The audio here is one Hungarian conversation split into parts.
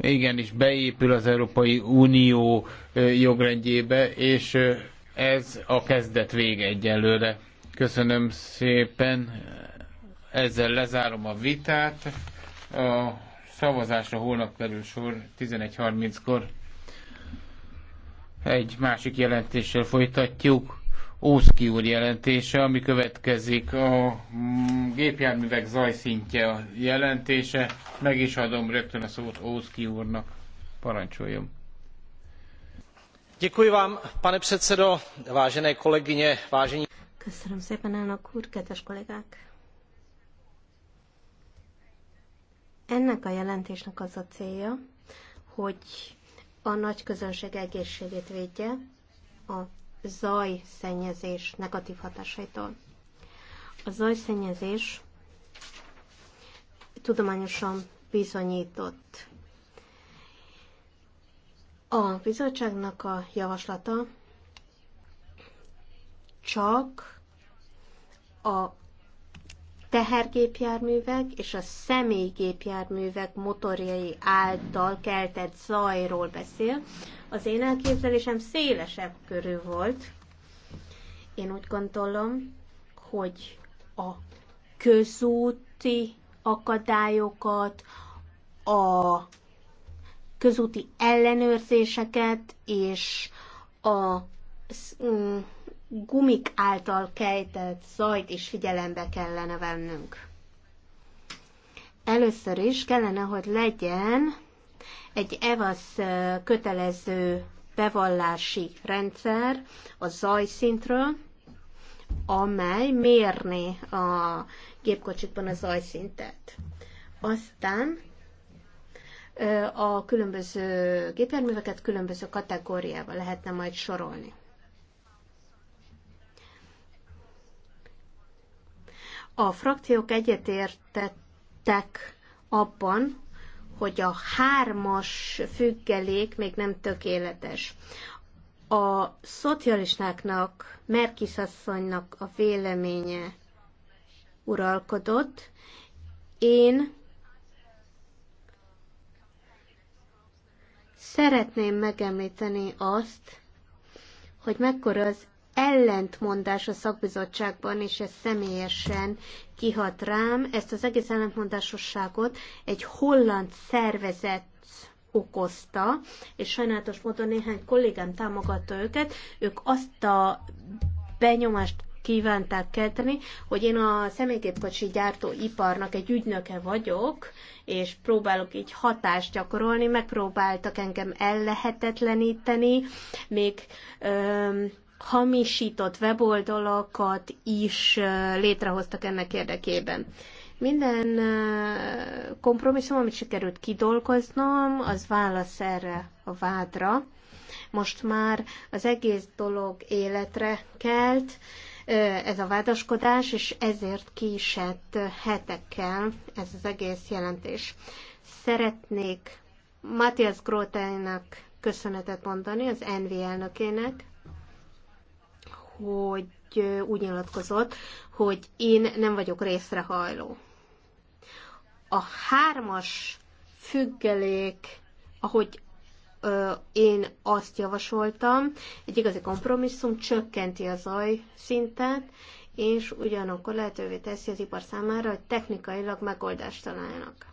igenis beépül az Európai Unió jogrendjébe, és ez a kezdet vége egyelőre. Köszönöm szépen, ezzel lezárom a vitát. A szavazásra holnap kerül sor 11.30-kor. Egy másik jelentéssel folytatjuk. Ószki úr jelentése, ami következik a gépjárművek zajszintje a jelentése. Meg is adom rögtön a szót Ószki úrnak. Parancsoljon. Děkuji vám, pane předsedo, vážené kolegyně, vážení... Köszönöm szépen, elnök úr, kedves kollégák! Ennek a jelentésnek az a célja, hogy a nagy közönség egészségét védje, a zajszennyezés negatív hatásaitól. A zajszennyezés tudományosan bizonyított. A bizottságnak a javaslata csak a tehergépjárművek és a személygépjárművek motorjai által keltett zajról beszél. Az én elképzelésem szélesebb körű volt. Én úgy gondolom, hogy a közúti akadályokat, a közúti ellenőrzéseket és a mm, gumik által kejtett zajt is figyelembe kellene vennünk. Először is kellene, hogy legyen egy EVASZ kötelező bevallási rendszer a zajszintről, amely mérni a gépkocsikban a zajszintet. Aztán a különböző gépjárműveket különböző kategóriába lehetne majd sorolni. A frakciók egyetértettek abban, hogy a hármas függelék még nem tökéletes. A szocialistáknak, Merkis asszonynak a véleménye uralkodott. Én szeretném megemlíteni azt, hogy mekkora az ellentmondás a szakbizottságban, és ez személyesen kihat rám. Ezt az egész ellentmondásosságot egy holland szervezet okozta, és sajnálatos módon néhány kollégám támogatta őket. Ők azt a benyomást kívánták kelteni, hogy én a személygépkocsi gyártóiparnak egy ügynöke vagyok, és próbálok így hatást gyakorolni, megpróbáltak engem ellehetetleníteni, még öm, hamisított weboldalakat is létrehoztak ennek érdekében. Minden kompromisszum, amit sikerült kidolgoznom, az válasz erre a vádra. Most már az egész dolog életre kelt, ez a vádaskodás, és ezért késett hetekkel ez az egész jelentés. Szeretnék Matthias Grótának köszönetet mondani, az NV elnökének, hogy úgy nyilatkozott, hogy én nem vagyok részrehajló. A hármas függelék, ahogy ö, én azt javasoltam, egy igazi kompromisszum csökkenti a zaj szintet, és ugyanakkor lehetővé teszi az ipar számára, hogy technikailag megoldást találnak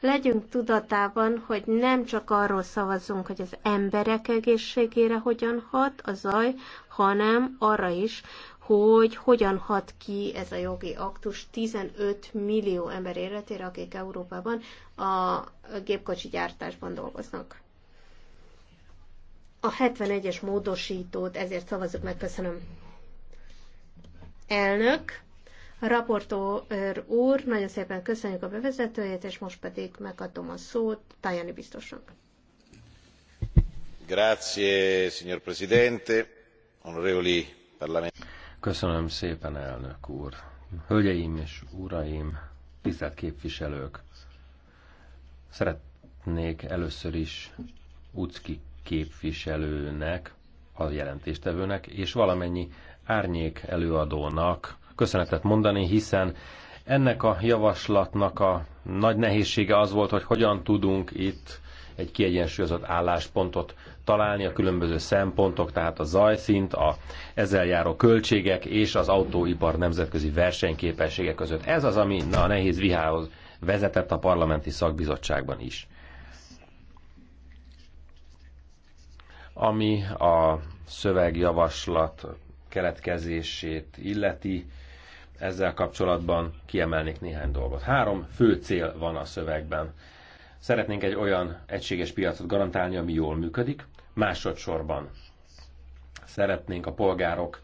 legyünk tudatában, hogy nem csak arról szavazunk, hogy az emberek egészségére hogyan hat a zaj, hanem arra is, hogy hogyan hat ki ez a jogi aktus 15 millió ember életére, akik Európában a gépkocsi gyártásban dolgoznak. A 71-es módosítót ezért szavazok meg, köszönöm. Elnök, Raportőr úr, nagyon szépen köszönjük a bevezetőjét, és most pedig megadom a szót Tajani biztosnak. Grazie, signor Presidente, onorevoli parlament. Köszönöm szépen, elnök úr. Hölgyeim és uraim, tisztelt képviselők! Szeretnék először is Ucki képviselőnek, a jelentéstevőnek, és valamennyi árnyék előadónak köszönetet mondani, hiszen ennek a javaslatnak a nagy nehézsége az volt, hogy hogyan tudunk itt egy kiegyensúlyozott álláspontot találni a különböző szempontok, tehát a zajszint, a ezzel járó költségek és az autóipar nemzetközi versenyképessége között. Ez az, ami a nehéz vihához vezetett a parlamenti szakbizottságban is. Ami a szövegjavaslat keletkezését illeti, ezzel kapcsolatban kiemelnék néhány dolgot. Három fő cél van a szövegben. Szeretnénk egy olyan egységes piacot garantálni, ami jól működik. Másodszorban szeretnénk a polgárok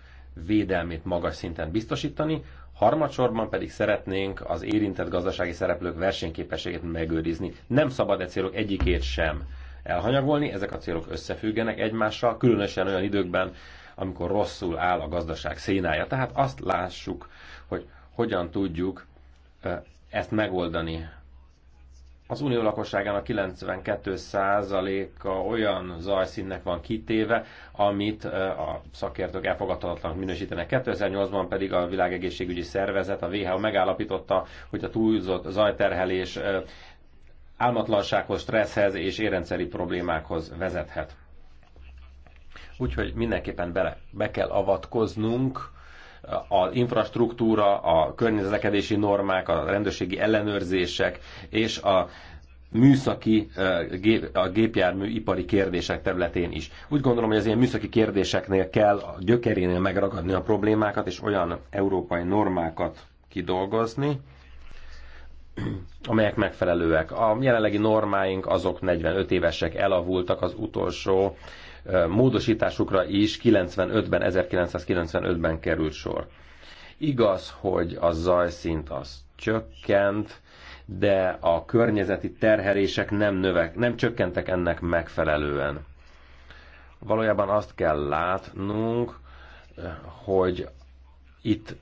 védelmét magas szinten biztosítani, harmadsorban pedig szeretnénk az érintett gazdasági szereplők versenyképességét megőrizni. Nem szabad e célok egyikét sem elhanyagolni, ezek a célok összefüggenek egymással, különösen olyan időkben, amikor rosszul áll a gazdaság szénája. Tehát azt lássuk, hogy hogyan tudjuk ezt megoldani. Az unió lakosságának 92%-a olyan zajszínnek van kitéve, amit a szakértők elfogadhatatlanak minősítenek. 2008-ban pedig a Világegészségügyi Szervezet, a WHO megállapította, hogy a túlzott zajterhelés álmatlansághoz, stresszhez és érrendszeri problémákhoz vezethet. Úgyhogy mindenképpen bele, be kell avatkoznunk az infrastruktúra, a környezetlekedési normák, a rendőrségi ellenőrzések és a műszaki, a gépjármű ipari kérdések területén is. Úgy gondolom, hogy az ilyen műszaki kérdéseknél kell a gyökerénél megragadni a problémákat, és olyan európai normákat kidolgozni, amelyek megfelelőek. A jelenlegi normáink azok 45 évesek, elavultak az utolsó módosításukra is 95-ben, 1995-ben került sor. Igaz, hogy a zajszint az csökkent, de a környezeti terhelések nem, növek, nem csökkentek ennek megfelelően. Valójában azt kell látnunk, hogy itt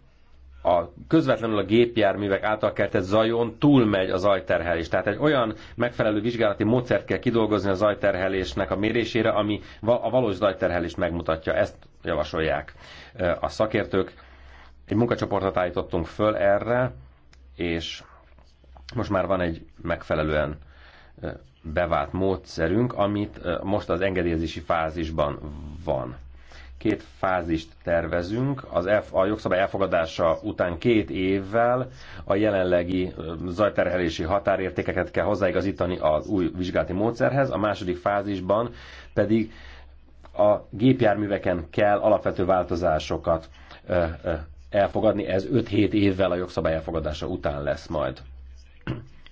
a közvetlenül a gépjárművek által keltett zajon túlmegy a zajterhelés. Tehát egy olyan megfelelő vizsgálati módszert kell kidolgozni a zajterhelésnek a mérésére, ami a valós zajterhelést megmutatja. Ezt javasolják a szakértők. Egy munkacsoportot állítottunk föl erre, és most már van egy megfelelően bevált módszerünk, amit most az engedélyezési fázisban van két fázist tervezünk. Az elf, a jogszabály elfogadása után két évvel a jelenlegi zajterhelési határértékeket kell hozzáigazítani az új vizsgálati módszerhez, a második fázisban pedig a gépjárműveken kell alapvető változásokat elfogadni, ez 5-7 évvel a jogszabály elfogadása után lesz majd.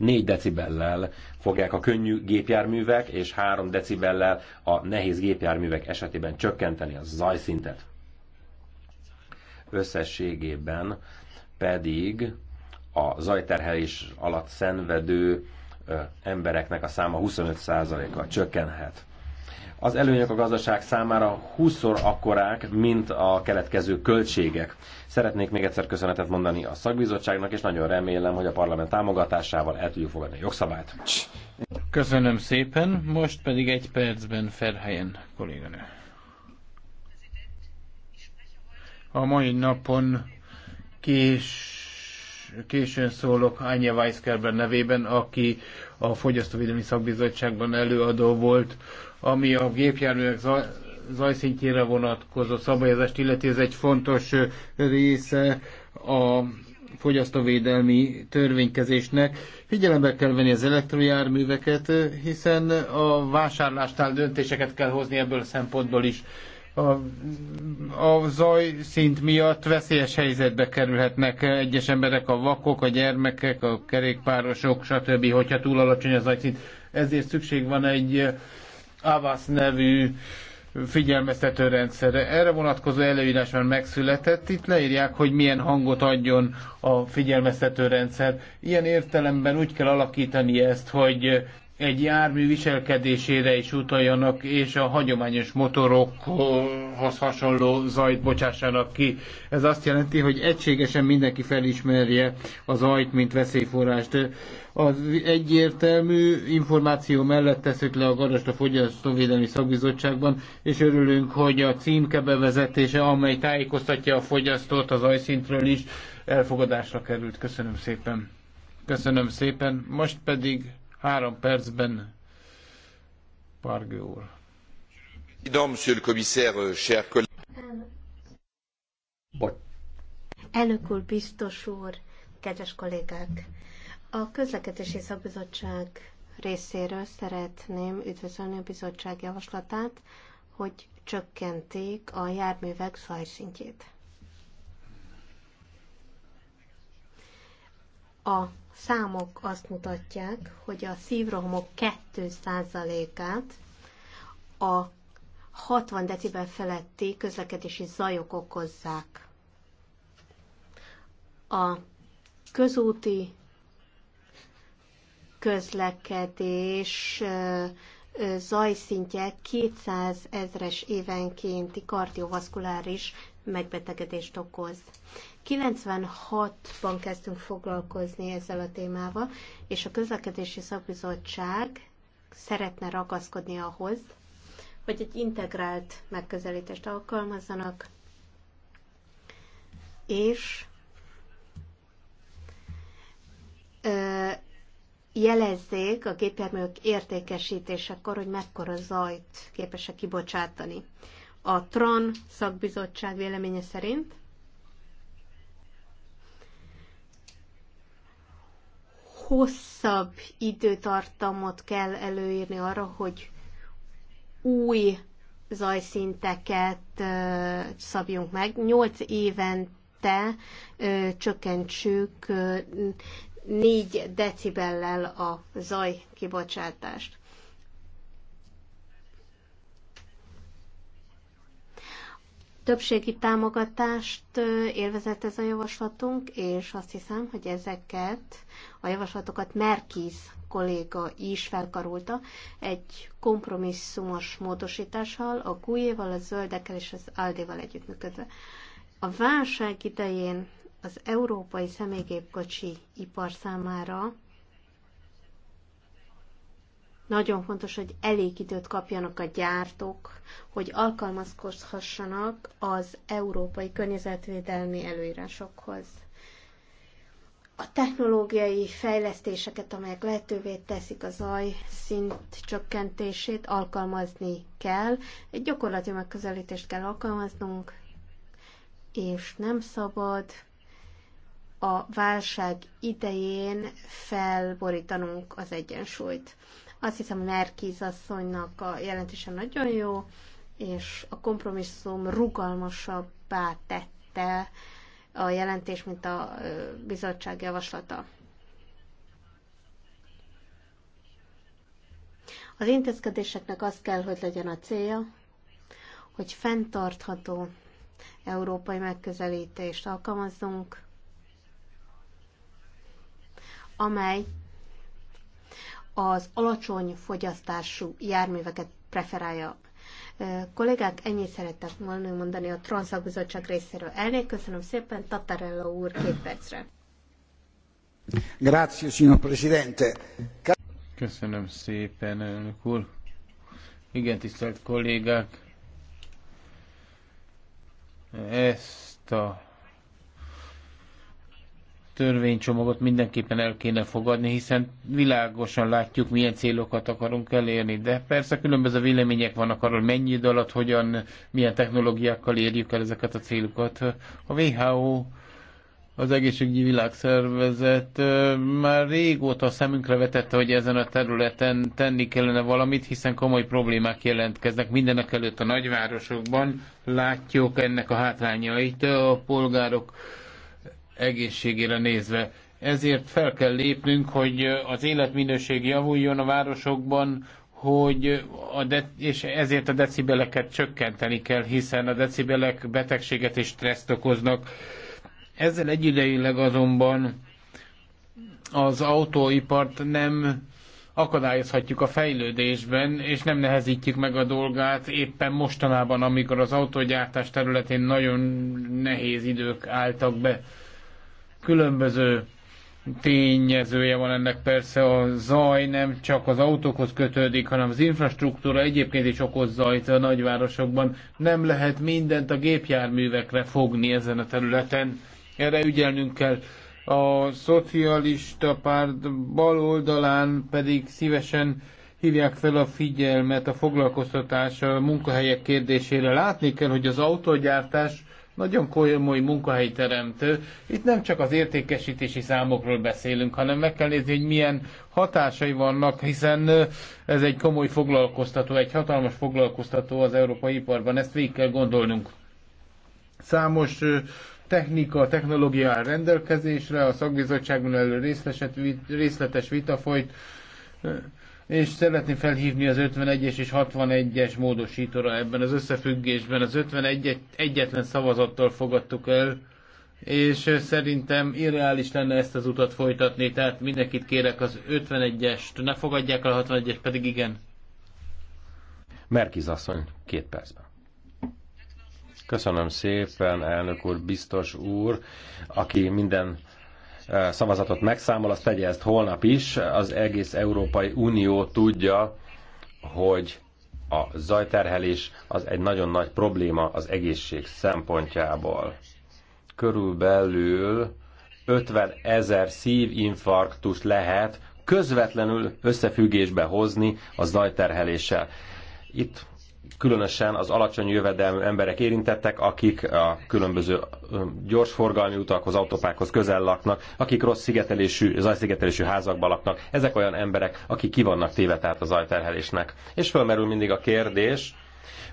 4 decibellel fogják a könnyű gépjárművek, és 3 decibellel a nehéz gépjárművek esetében csökkenteni a zajszintet. Összességében pedig a zajterhelés alatt szenvedő embereknek a száma 25%-kal csökkenhet az előnyök a gazdaság számára 20-szor akkorák, mint a keletkező költségek. Szeretnék még egyszer köszönetet mondani a szakbizottságnak, és nagyon remélem, hogy a parlament támogatásával el tudjuk fogadni a jogszabályt. Köszönöm szépen, most pedig egy percben Ferhelyen kolléganő. A mai napon kés későn szólok Anya Weiskerber nevében, aki a Fogyasztóvédelmi Szakbizottságban előadó volt ami a gépjárművek zajszintjére vonatkozó szabályozást illeti, ez egy fontos része a fogyasztóvédelmi törvénykezésnek. Figyelembe kell venni az elektrojárműveket, hiszen a vásárlástál döntéseket kell hozni ebből a szempontból is. A, a zajszint miatt veszélyes helyzetbe kerülhetnek egyes emberek, a vakok, a gyermekek, a kerékpárosok, stb., hogyha túl alacsony a zajszint. Ezért szükség van egy Avas nevű figyelmeztető rendszerre. Erre vonatkozó előírás már megszületett. Itt leírják, hogy milyen hangot adjon a figyelmeztető rendszer. Ilyen értelemben úgy kell alakítani ezt, hogy egy jármű viselkedésére is utaljanak, és a hagyományos motorokhoz hasonló zajt bocsássanak ki. Ez azt jelenti, hogy egységesen mindenki felismerje a zajt, mint veszélyforrást. Az egyértelmű információ mellett teszük le a garast a Fogyasztóvédelmi Szakbizottságban, és örülünk, hogy a címke bevezetése, amely tájékoztatja a fogyasztót az ajszintről is, elfogadásra került. Köszönöm szépen. Köszönöm szépen. Most pedig Három percben Pargő úr. Euh, Elnök úr, biztos úr, kedves kollégák! A közlekedési szakbizottság részéről szeretném üdvözölni a bizottság javaslatát, hogy csökkenték a járművek zajszintjét. A számok azt mutatják, hogy a szívrohamok 2%-át a 60 decibel feletti közlekedési zajok okozzák. A közúti közlekedés zajszintje 200 ezres évenkénti kardiovaszkuláris megbetegedést okoz. 96-ban kezdtünk foglalkozni ezzel a témával, és a közlekedési szakbizottság szeretne ragaszkodni ahhoz, hogy egy integrált megközelítést alkalmazzanak, és ö, jelezzék a gépjárműk értékesítésekor, hogy mekkora zajt képesek kibocsátani a TRAN szakbizottság véleménye szerint, hosszabb időtartamot kell előírni arra, hogy új zajszinteket szabjunk meg. Nyolc évente csökkentsük négy decibellel a zajkibocsátást. Többségi támogatást élvezett ez a javaslatunk, és azt hiszem, hogy ezeket a javaslatokat Merkiz kolléga is felkarolta egy kompromisszumos módosítással, a GUE-val, a zöldekkel és az aldéval együttműködve. A válság idején az európai személygépkocsi ipar számára nagyon fontos, hogy elég időt kapjanak a gyártók, hogy alkalmazkodhassanak az európai környezetvédelmi előírásokhoz. A technológiai fejlesztéseket, amelyek lehetővé teszik a zaj szint csökkentését, alkalmazni kell. Egy gyakorlati megközelítést kell alkalmaznunk, és nem szabad a válság idején felborítanunk az egyensúlyt. Azt hiszem, Nerkiz asszonynak a jelentése nagyon jó, és a kompromisszum rugalmasabbá tette a jelentés, mint a bizottság javaslata. Az intézkedéseknek az kell, hogy legyen a célja, hogy fenntartható európai megközelítést alkalmazzunk, amely az alacsony fogyasztású járműveket preferálja. Kollégák, ennyit szerettek volna mondani a Transzakbizottság részéről. Elnék, köszönöm szépen, Tatarella úr, két percre. Grazie, signor Presidente. Köszönöm szépen, elnök úr. Igen, tisztelt kollégák, ezt a törvénycsomagot mindenképpen el kéne fogadni, hiszen világosan látjuk, milyen célokat akarunk elérni. De persze különböző vélemények vannak arról, mennyi idő alatt, hogyan, milyen technológiákkal érjük el ezeket a célokat. A WHO az egészségügyi világszervezet már régóta a szemünkre vetette, hogy ezen a területen tenni kellene valamit, hiszen komoly problémák jelentkeznek mindenek előtt a nagyvárosokban. Látjuk ennek a hátrányait a polgárok egészségére nézve. Ezért fel kell lépnünk, hogy az életminőség javuljon a városokban, hogy a de- és ezért a decibeleket csökkenteni kell, hiszen a decibelek betegséget és stresszt okoznak. Ezzel egyidejűleg azonban az autóipart nem akadályozhatjuk a fejlődésben, és nem nehezítjük meg a dolgát éppen mostanában, amikor az autógyártás területén nagyon nehéz idők álltak be. Különböző tényezője van ennek persze, a zaj nem csak az autókhoz kötődik, hanem az infrastruktúra egyébként is okoz zajt a nagyvárosokban. Nem lehet mindent a gépjárművekre fogni ezen a területen. Erre ügyelnünk kell. A szocialista párt bal oldalán pedig szívesen hívják fel a figyelmet a foglalkoztatás, a munkahelyek kérdésére. Látni kell, hogy az autógyártás nagyon komoly munkahelyteremtő. Itt nem csak az értékesítési számokról beszélünk, hanem meg kell nézni, hogy milyen hatásai vannak, hiszen ez egy komoly foglalkoztató, egy hatalmas foglalkoztató az európai iparban, ezt végig kell gondolnunk. Számos technika, technológia áll rendelkezésre, a szakbizottságban elő részletes vita folyt, és szeretném felhívni az 51-es és 61-es módosítóra ebben az összefüggésben. Az 51-et egyetlen szavazattal fogadtuk el, és szerintem irreális lenne ezt az utat folytatni, tehát mindenkit kérek az 51-est, ne fogadják el a 61-est, pedig igen. Merkiz asszony, két percben. Köszönöm szépen, elnök úr, biztos úr, aki minden szavazatot megszámol, azt tegye ezt holnap is. Az egész Európai Unió tudja, hogy a zajterhelés az egy nagyon nagy probléma az egészség szempontjából. Körülbelül 50 ezer szívinfarktus lehet közvetlenül összefüggésbe hozni a zajterheléssel. Itt különösen az alacsony jövedelmű emberek érintettek, akik a különböző gyorsforgalmi utakhoz, autópákhoz közel laknak, akik rossz szigetelésű, zajszigetelésű házakban laknak. Ezek olyan emberek, akik kivannak téve tehát a zajterhelésnek. És fölmerül mindig a kérdés,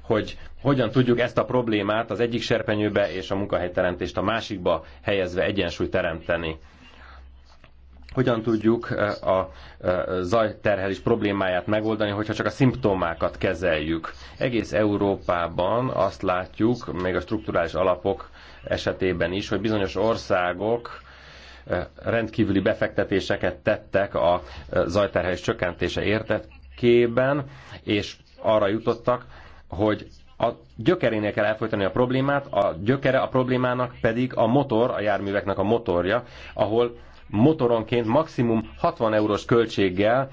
hogy hogyan tudjuk ezt a problémát az egyik serpenyőbe és a munkahelyteremtést a másikba helyezve egyensúly teremteni hogyan tudjuk eh, a eh, zajterhelés problémáját megoldani, hogyha csak a szimptomákat kezeljük. Egész Európában azt látjuk, még a strukturális alapok esetében is, hogy bizonyos országok eh, rendkívüli befektetéseket tettek a zajterhelés csökkentése értekében, és arra jutottak, hogy a gyökerénél kell elfolytani a problémát, a gyökere a problémának pedig a motor, a járműveknek a motorja, ahol motoronként maximum 60 eurós költséggel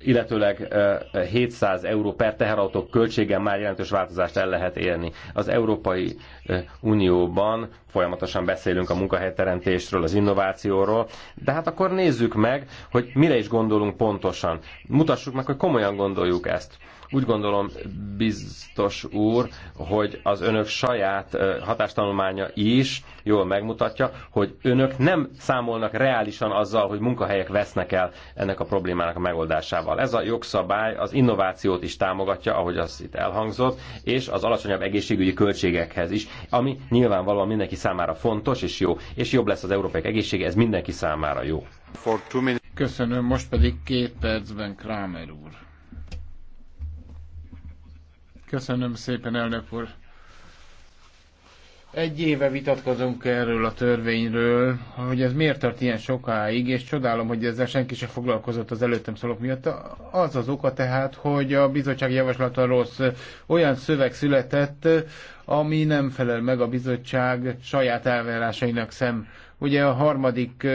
illetőleg 700 euró per teherautó költséggel már jelentős változást el lehet érni. Az Európai Unióban folyamatosan beszélünk a munkahelyteremtésről, az innovációról, de hát akkor nézzük meg, hogy mire is gondolunk pontosan. Mutassuk meg, hogy komolyan gondoljuk ezt. Úgy gondolom, biztos úr, hogy az önök saját hatástanulmánya is jól megmutatja, hogy önök nem számolnak reálisan azzal, hogy munkahelyek vesznek el ennek a problémának a megoldásával. Ez a jogszabály az innovációt is támogatja, ahogy az itt elhangzott, és az alacsonyabb egészségügyi költségekhez is, ami nyilvánvalóan mindenki számára fontos és jó, és jobb lesz az európai egészsége, ez mindenki számára jó. Köszönöm, most pedig két percben Kramer úr. Köszönöm szépen, elnök úr. Egy éve vitatkozunk erről a törvényről, hogy ez miért tart ilyen sokáig, és csodálom, hogy ezzel senki sem foglalkozott az előttem szólók miatt. Az az oka tehát, hogy a bizottság javaslata rossz. Olyan szöveg született, ami nem felel meg a bizottság saját elvárásainak szem Ugye a harmadik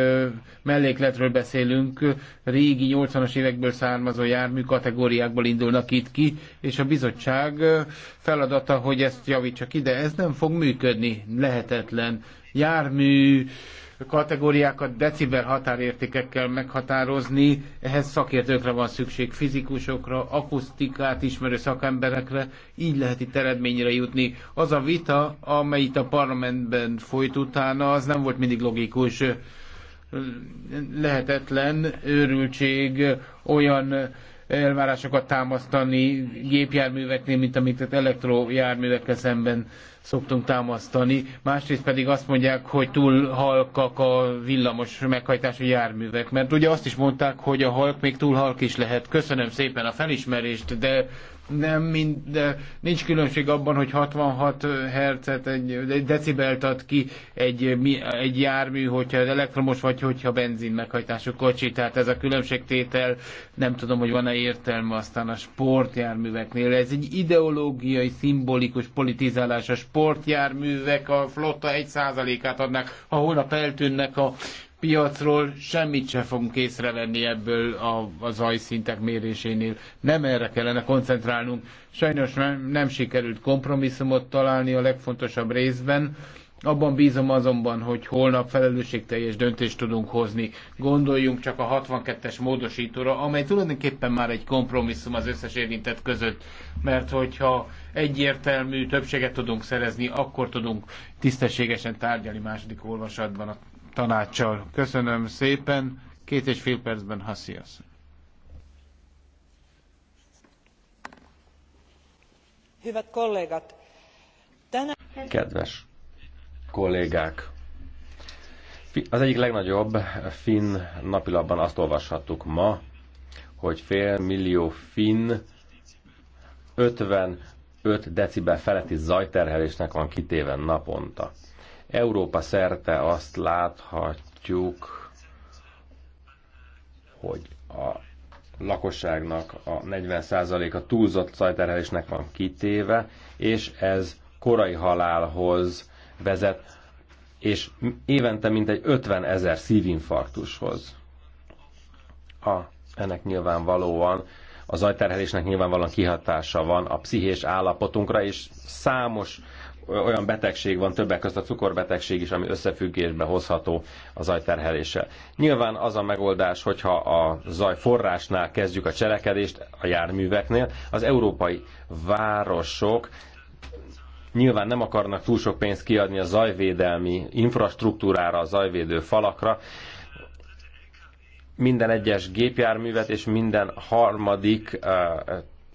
mellékletről beszélünk, régi 80-as évekből származó jármű kategóriákból indulnak itt ki, és a bizottság feladata, hogy ezt javítsa ki, de ez nem fog működni, lehetetlen. Jármű kategóriákat deciber határértékekkel meghatározni, ehhez szakértőkre van szükség, fizikusokra, akusztikát ismerő szakemberekre, így lehet itt eredményre jutni. Az a vita, amely itt a parlamentben folyt utána, az nem volt mindig logikus lehetetlen őrültség olyan elvárásokat támasztani gépjárműveknél, mint amit elektrojárművekkel szemben szoktunk támasztani, másrészt pedig azt mondják, hogy túl halkak a villamos meghajtású járművek, mert ugye azt is mondták, hogy a halk még túl halk is lehet. Köszönöm szépen a felismerést, de nem mind, nincs különbség abban, hogy 66 hercet, egy, egy decibelt ad ki egy, egy jármű, hogyha elektromos vagy, hogyha benzin meghajtású kocsi. Tehát ez a különbségtétel, nem tudom, hogy van-e értelme aztán a sportjárműveknél. Ez egy ideológiai, szimbolikus politizálás. A sportjárművek a flotta 1%-át adnak, ha holnap eltűnnek a piacról semmit se fogunk észrevenni ebből a, a zajszintek mérésénél. Nem erre kellene koncentrálnunk. Sajnos nem, nem sikerült kompromisszumot találni a legfontosabb részben. Abban bízom azonban, hogy holnap felelősségteljes döntést tudunk hozni. Gondoljunk csak a 62-es módosítóra, amely tulajdonképpen már egy kompromisszum az összes érintett között, mert hogyha egyértelmű többséget tudunk szerezni, akkor tudunk tisztességesen tárgyalni második olvasatban a tanácssal. Köszönöm szépen. Két és fél percben Haszi asszony. Kedves kollégák! Az egyik legnagyobb finn napilapban azt olvashattuk ma, hogy fél millió finn 55 decibel feletti zajterhelésnek van kitéve naponta. Európa szerte azt láthatjuk, hogy a lakosságnak a 40%-a túlzott zajterhelésnek van kitéve, és ez korai halálhoz vezet, és évente mintegy 50 ezer szívinfarktushoz. A, ennek nyilvánvalóan a zajterhelésnek nyilvánvalóan kihatása van a pszichés állapotunkra, és számos olyan betegség van, többek között a cukorbetegség is, ami összefüggésbe hozható a zajterheléssel. Nyilván az a megoldás, hogyha a zaj forrásnál kezdjük a cselekedést, a járműveknél, az európai városok nyilván nem akarnak túl sok pénzt kiadni a zajvédelmi infrastruktúrára, a zajvédő falakra, minden egyes gépjárművet és minden harmadik eh,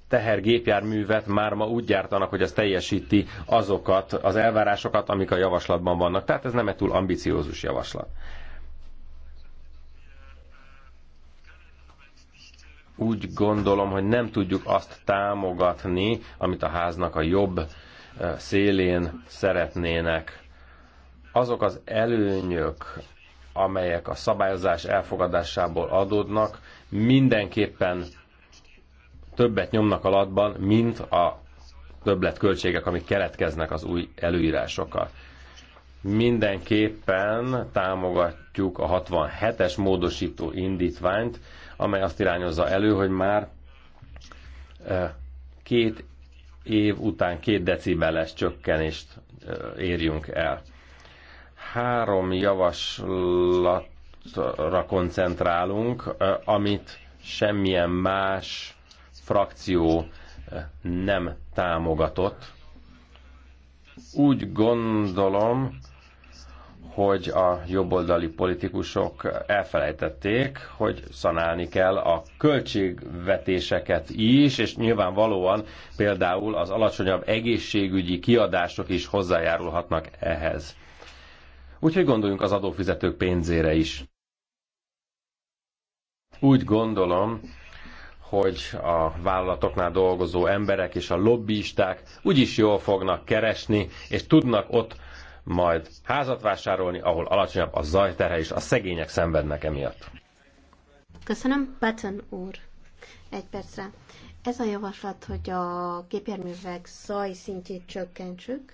tehergépjárművet már ma úgy gyártanak, hogy az teljesíti azokat az elvárásokat, amik a javaslatban vannak. Tehát ez nem egy túl ambiciózus javaslat. Úgy gondolom, hogy nem tudjuk azt támogatni, amit a háznak a jobb szélén szeretnének. Azok az előnyök, amelyek a szabályozás elfogadásából adódnak, mindenképpen többet nyomnak alatban, mint a költségek, amik keletkeznek az új előírásokkal. Mindenképpen támogatjuk a 67-es módosító indítványt, amely azt irányozza elő, hogy már két év után két decibeles csökkenést érjünk el. Három javaslatra koncentrálunk, amit semmilyen más frakció eh, nem támogatott. Úgy gondolom, hogy a jobboldali politikusok elfelejtették, hogy szanálni kell a költségvetéseket is, és nyilvánvalóan például az alacsonyabb egészségügyi kiadások is hozzájárulhatnak ehhez. Úgyhogy gondoljunk az adófizetők pénzére is. Úgy gondolom, hogy a vállalatoknál dolgozó emberek és a lobbisták úgyis jól fognak keresni, és tudnak ott majd házat vásárolni, ahol alacsonyabb a zajterhe, és a szegények szenvednek emiatt. Köszönöm, Button úr. Egy percre. Ez a javaslat, hogy a gépjárművek zajszintjét csökkentsük,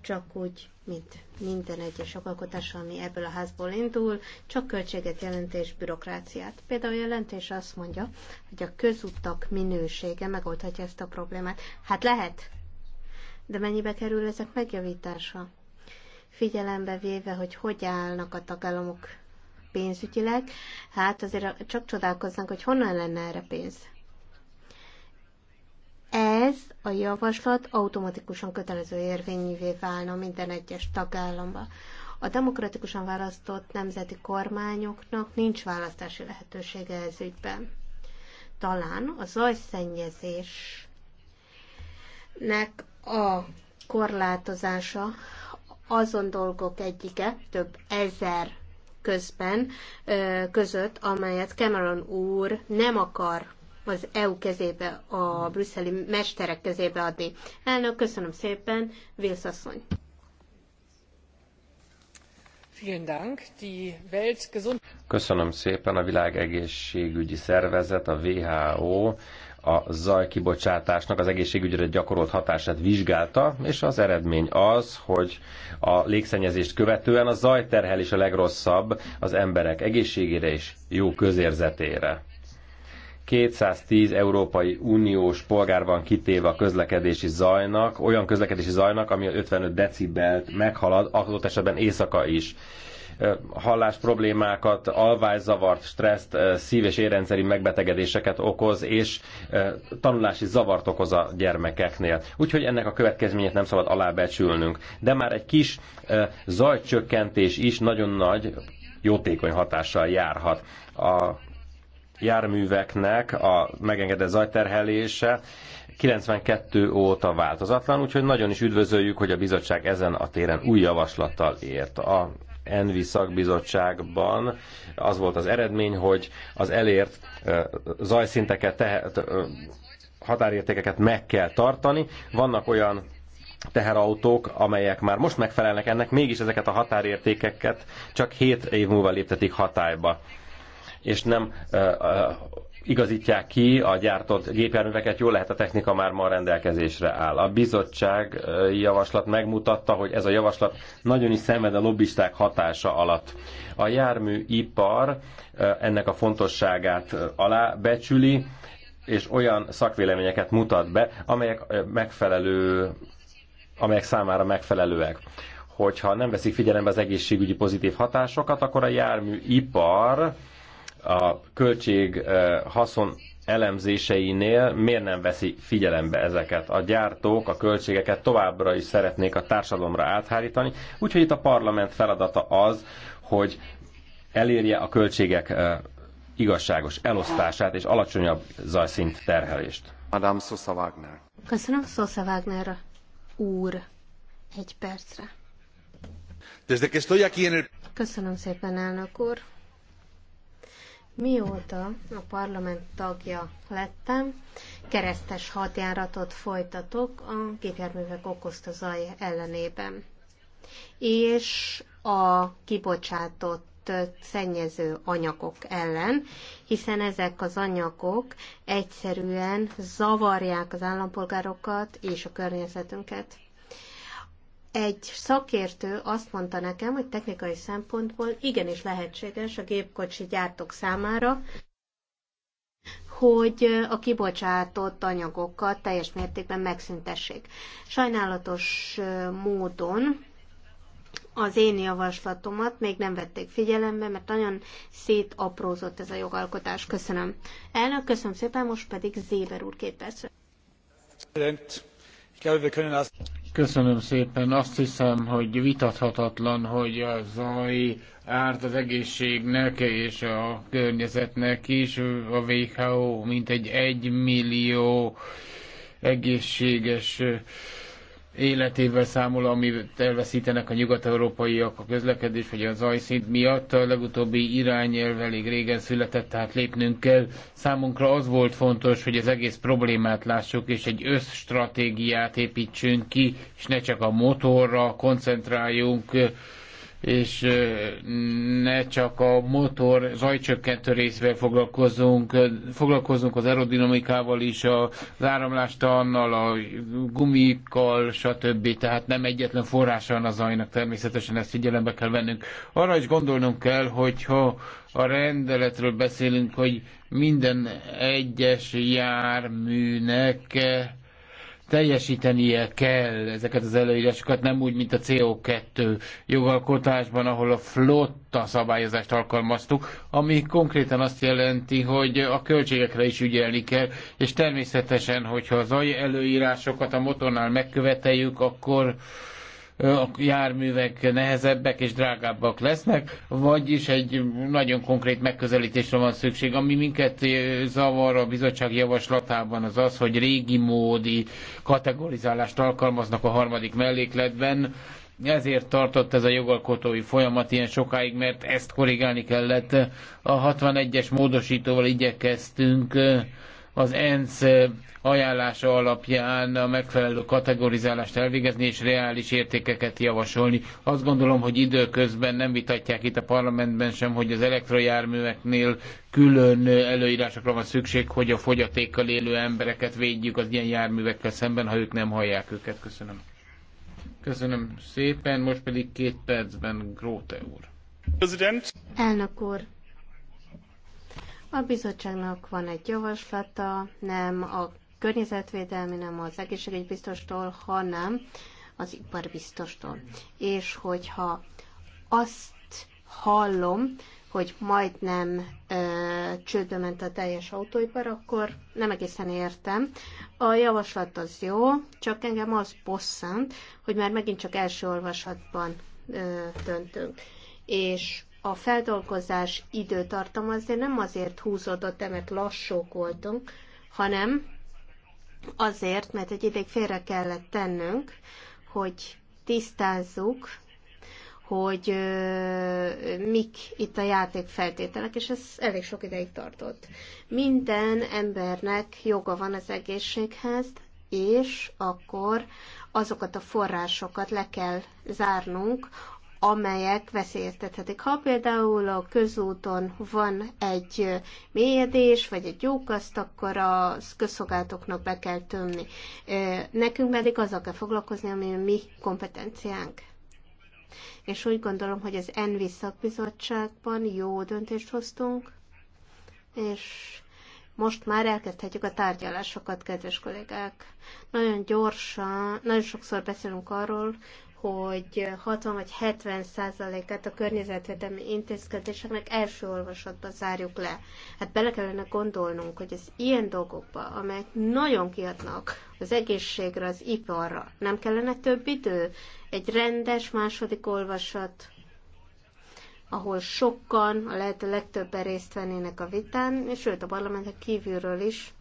csak úgy, mint minden egyes alkotás, ami ebből a házból indul, csak költséget jelent és bürokráciát. Például a jelentés azt mondja, hogy a közutak minősége megoldhatja ezt a problémát. Hát lehet, de mennyibe kerül ezek megjavítása? Figyelembe véve, hogy hogy állnak a tagállamok pénzügyileg, hát azért csak csodálkoznak, hogy honnan lenne erre pénz ez a javaslat automatikusan kötelező érvényűvé válna minden egyes tagállamban. A demokratikusan választott nemzeti kormányoknak nincs választási lehetősége ez ügyben. Talán a zajszennyezésnek a korlátozása azon dolgok egyike, több ezer közben, között, amelyet Cameron úr nem akar az EU kezébe, a brüsszeli mesterek kezébe adni. Elnök, köszönöm szépen, Vilsz asszony. Köszönöm szépen a világ egészségügyi Szervezet, a WHO a zajkibocsátásnak az egészségügyre gyakorolt hatását vizsgálta, és az eredmény az, hogy a légszennyezést követően a zajterhelés a legrosszabb az emberek egészségére és jó közérzetére. 210 Európai Uniós polgár van kitéve a közlekedési zajnak, olyan közlekedési zajnak, ami 55 decibelt meghalad, adott esetben éjszaka is hallás problémákat, alvászavart, stresszt, szív- és érrendszeri megbetegedéseket okoz, és tanulási zavart okoz a gyermekeknél. Úgyhogy ennek a következményét nem szabad alábecsülnünk. De már egy kis zajcsökkentés is nagyon nagy jótékony hatással járhat. A járműveknek a megengedett zajterhelése 92 óta változatlan, úgyhogy nagyon is üdvözöljük, hogy a bizottság ezen a téren új javaslattal ért. A Envi szakbizottságban az volt az eredmény, hogy az elért zajszinteket, tehet, határértékeket meg kell tartani. Vannak olyan teherautók, amelyek már most megfelelnek ennek, mégis ezeket a határértékeket csak 7 év múlva léptetik hatályba és nem igazítják ki a gyártott gépjárműveket, jól lehet a technika már ma rendelkezésre áll. A bizottság javaslat megmutatta, hogy ez a javaslat nagyon is szenved a lobbisták hatása alatt. A járműipar ennek a fontosságát alábecsüli, és olyan szakvéleményeket mutat be, amelyek megfelelő, amelyek számára megfelelőek hogyha nem veszik figyelembe az egészségügyi pozitív hatásokat, akkor a járműipar a költség eh, haszon elemzéseinél miért nem veszi figyelembe ezeket? A gyártók a költségeket továbbra is szeretnék a társadalomra áthárítani, úgyhogy itt a parlament feladata az, hogy elérje a költségek eh, igazságos elosztását és alacsonyabb zajszint terhelést. Madame Sosa Wagner. Köszönöm Sosa Wagner úr. Egy percre. Desde que estoy aquí en el... Köszönöm szépen, elnök úr. Mióta a parlament tagja lettem, keresztes hadjáratot folytatok a gépjárművek okozta zaj ellenében. És a kibocsátott szennyező anyagok ellen, hiszen ezek az anyagok egyszerűen zavarják az állampolgárokat és a környezetünket egy szakértő azt mondta nekem, hogy technikai szempontból igenis lehetséges a gépkocsi gyártók számára, hogy a kibocsátott anyagokat teljes mértékben megszüntessék. Sajnálatos módon az én javaslatomat még nem vették figyelembe, mert nagyon szétaprózott ez a jogalkotás. Köszönöm. Elnök, köszönöm szépen, most pedig Zéber úr két percre. Köszönöm szépen. Azt hiszem, hogy vitathatatlan, hogy a zaj árt az egészségnek és a környezetnek is. A WHO mint egy millió egészséges életével számol, amit elveszítenek a nyugat-európaiak a közlekedés vagy a zajszint miatt. A legutóbbi irányelv elég régen született, tehát lépnünk kell. Számunkra az volt fontos, hogy az egész problémát lássuk, és egy összstratégiát építsünk ki, és ne csak a motorra koncentráljunk, és ne csak a motor zajcsökkentő részvel foglalkozunk, foglalkozunk az aerodinamikával is, az áramlástannal, a gumikkal, stb. Tehát nem egyetlen forrása van a zajnak, természetesen ezt figyelembe kell vennünk. Arra is gondolnunk kell, hogyha a rendeletről beszélünk, hogy minden egyes járműnek teljesítenie kell ezeket az előírásokat, nem úgy, mint a CO2 jogalkotásban, ahol a flotta szabályozást alkalmaztuk, ami konkrétan azt jelenti, hogy a költségekre is ügyelni kell, és természetesen, hogyha az előírásokat a motornál megköveteljük, akkor a járművek nehezebbek és drágábbak lesznek, vagyis egy nagyon konkrét megközelítésre van szükség. Ami minket zavar a bizottság javaslatában az az, hogy régi módi kategorizálást alkalmaznak a harmadik mellékletben, ezért tartott ez a jogalkotói folyamat ilyen sokáig, mert ezt korrigálni kellett. A 61-es módosítóval igyekeztünk az ENSZ ajánlása alapján a megfelelő kategorizálást elvégezni és reális értékeket javasolni. Azt gondolom, hogy időközben nem vitatják itt a parlamentben sem, hogy az elektrojárműveknél külön előírásokra van szükség, hogy a fogyatékkal élő embereket védjük az ilyen járművekkel szemben, ha ők nem hallják őket. Köszönöm. Köszönöm szépen, most pedig két percben Gróte úr. Elnök úr, a bizottságnak van egy javaslata, nem a környezetvédelmi, nem az egészségügybiztostól, hanem az iparbiztostól. És hogyha azt hallom, hogy majdnem ö, csődbe ment a teljes autóipar, akkor nem egészen értem. A javaslat az jó, csak engem az bosszant, hogy már megint csak első olvasatban ö, döntünk. És a feldolgozás időtartama azért nem azért húzódott, mert lassúk voltunk, hanem azért, mert egy ideig félre kellett tennünk, hogy tisztázzuk, hogy euh, mik itt a játék feltételek, és ez elég sok ideig tartott. Minden embernek joga van az egészséghez, és akkor azokat a forrásokat le kell zárnunk, amelyek veszélyeztethetik. Ha például a közúton van egy mélyedés, vagy egy lyukaszt, akkor a közszolgálatoknak be kell tömni. Nekünk pedig azzal kell foglalkozni, ami a mi kompetenciánk. És úgy gondolom, hogy az ENVI szakbizottságban jó döntést hoztunk, és most már elkezdhetjük a tárgyalásokat, kedves kollégák. Nagyon gyorsan, nagyon sokszor beszélünk arról, hogy 60 vagy 70 százalékát a környezetvédelmi intézkedéseknek első olvasatban zárjuk le. Hát bele kellene gondolnunk, hogy az ilyen dolgokba, amelyek nagyon kiadnak az egészségre, az iparra, nem kellene több idő? Egy rendes második olvasat, ahol sokan, a lehető legtöbben részt vennének a vitán, és sőt a parlamentek kívülről is,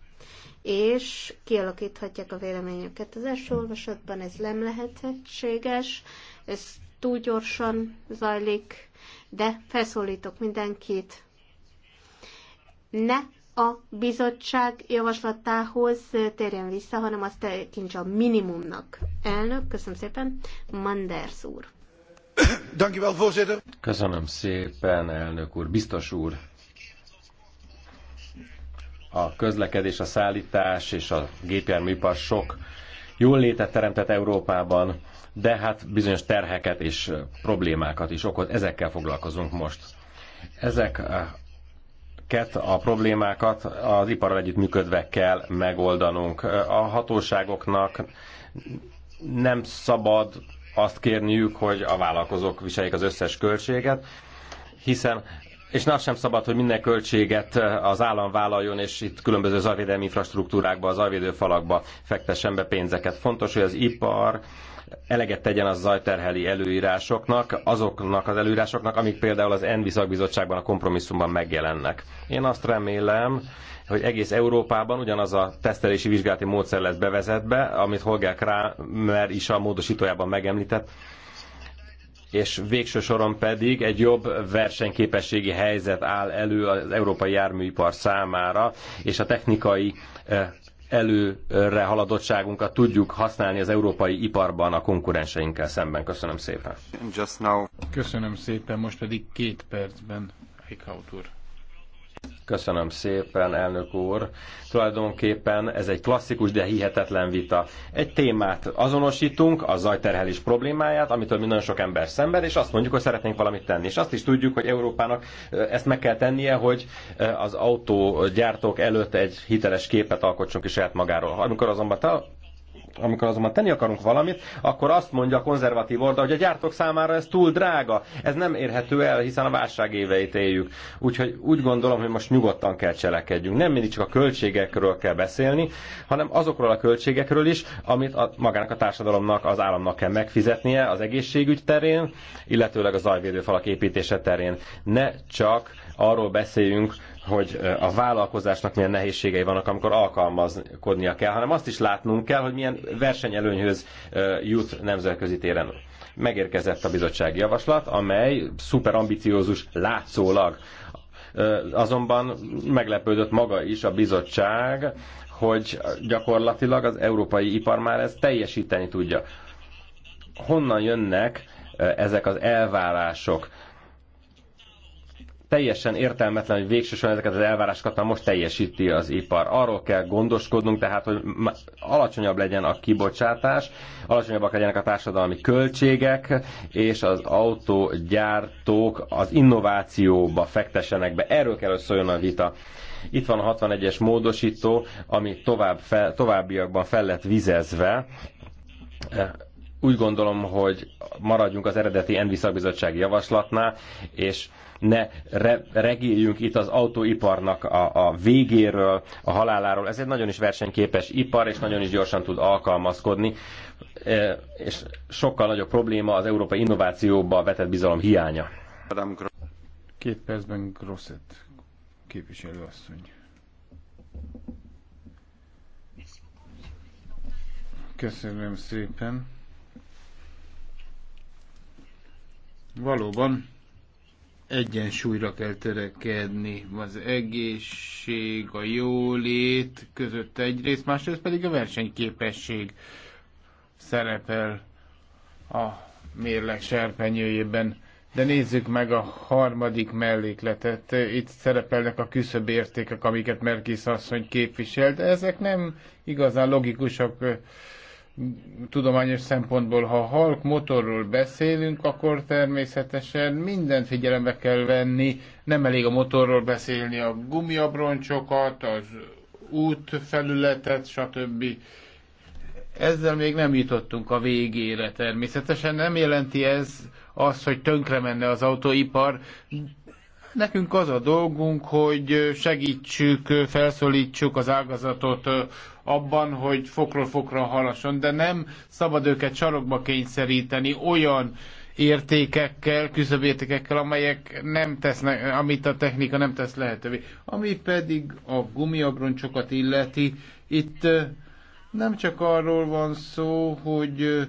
és kialakíthatják a véleményüket. Az első olvasatban ez nem lehetséges, ez túl gyorsan zajlik, de felszólítok mindenkit, ne a bizottság javaslatához térjen vissza, hanem azt tekintse a minimumnak. Elnök, köszönöm szépen, Manders úr. Köszönöm szépen, elnök úr, biztos úr a közlekedés, a szállítás és a gépjárműipar sok jól létet teremtett Európában, de hát bizonyos terheket és problémákat is okoz. Ezekkel foglalkozunk most. Ezek a problémákat az iparral együttműködve kell megoldanunk. A hatóságoknak nem szabad azt kérniük, hogy a vállalkozók viseljék az összes költséget, hiszen és azt sem szabad, hogy minden költséget eh, az állam vállaljon, és itt különböző zajvédelmi infrastruktúrákba, az falakba fektessen be pénzeket. Fontos, hogy az ipar eleget tegyen az zajterheli előírásoknak, azoknak az előírásoknak, amik például az ENVI szakbizottságban a kompromisszumban megjelennek. Én azt remélem, hogy egész Európában ugyanaz a tesztelési vizsgálati módszer lesz bevezetve, amit Holger Kramer is a módosítójában megemlített, és végső soron pedig egy jobb versenyképességi helyzet áll elő az európai járműipar számára, és a technikai eh, előre haladottságunkat tudjuk használni az európai iparban a konkurenseinkkel szemben. Köszönöm szépen. Köszönöm szépen, most pedig két percben Eichhaut úr. Köszönöm szépen, elnök úr. Tulajdonképpen ez egy klasszikus, de hihetetlen vita. Egy témát azonosítunk, a zajterhelés problémáját, amitől nagyon sok ember szenved, és azt mondjuk, hogy szeretnénk valamit tenni. És azt is tudjuk, hogy Európának ezt meg kell tennie, hogy az autógyártók előtt egy hiteles képet alkotsunk is saját magáról. Amikor azonban amikor azonban tenni akarunk valamit, akkor azt mondja a konzervatív oldal, hogy a gyártók számára ez túl drága, ez nem érhető el, hiszen a válság éveit éljük. Úgyhogy úgy gondolom, hogy most nyugodtan kell cselekedjünk. Nem mindig csak a költségekről kell beszélni, hanem azokról a költségekről is, amit a, magának a társadalomnak, az államnak kell megfizetnie az egészségügy terén, illetőleg a zajvédőfalak építése terén. Ne csak arról beszéljünk, hogy a vállalkozásnak milyen nehézségei vannak, amikor alkalmazkodnia kell, hanem azt is látnunk kell, hogy milyen versenyelőnyhöz jut nemzetközi téren. Megérkezett a bizottsági javaslat, amely szuperambiciózus látszólag. Azonban meglepődött maga is a bizottság, hogy gyakorlatilag az európai ipar már ezt teljesíteni tudja. Honnan jönnek ezek az elvárások? teljesen értelmetlen, hogy végsősorban ezeket az elvárásokat már most teljesíti az ipar. Arról kell gondoskodnunk, tehát, hogy alacsonyabb legyen a kibocsátás, alacsonyabbak legyenek a társadalmi költségek, és az autógyártók az innovációba fektessenek be. Erről kell, hogy szóljon a vita. Itt van a 61-es módosító, ami tovább fel, továbbiakban fel lett vizezve úgy gondolom, hogy maradjunk az eredeti Envi javaslatnál, és ne re- regéljünk itt az autóiparnak a, a végéről, a haláláról. Ez egy nagyon is versenyképes ipar, és nagyon is gyorsan tud alkalmazkodni, e, és sokkal nagyobb probléma az európai innovációba vetett bizalom hiánya. Két percben Grosset képviselőasszony. Köszönöm szépen. Valóban egyensúlyra kell törekedni az egészség, a jólét között egyrészt, másrészt pedig a versenyképesség szerepel a mérleg serpenyőjében. De nézzük meg a harmadik mellékletet. Itt szerepelnek a küszöbb értékek, amiket Merkis asszony képviselt. Ezek nem igazán logikusak tudományos szempontból, ha halk motorról beszélünk, akkor természetesen mindent figyelembe kell venni. Nem elég a motorról beszélni, a gumiabroncsokat, az útfelületet, stb. Ezzel még nem jutottunk a végére természetesen. Nem jelenti ez azt, hogy tönkre menne az autóipar. Nekünk az a dolgunk, hogy segítsük, felszólítsuk az ágazatot abban, hogy fokról fokra halasson, de nem szabad őket sarokba kényszeríteni olyan értékekkel, küszöbértékekkel, amelyek nem tesznek, amit a technika nem tesz lehetővé. Ami pedig a gumiabroncsokat illeti, itt nem csak arról van szó, hogy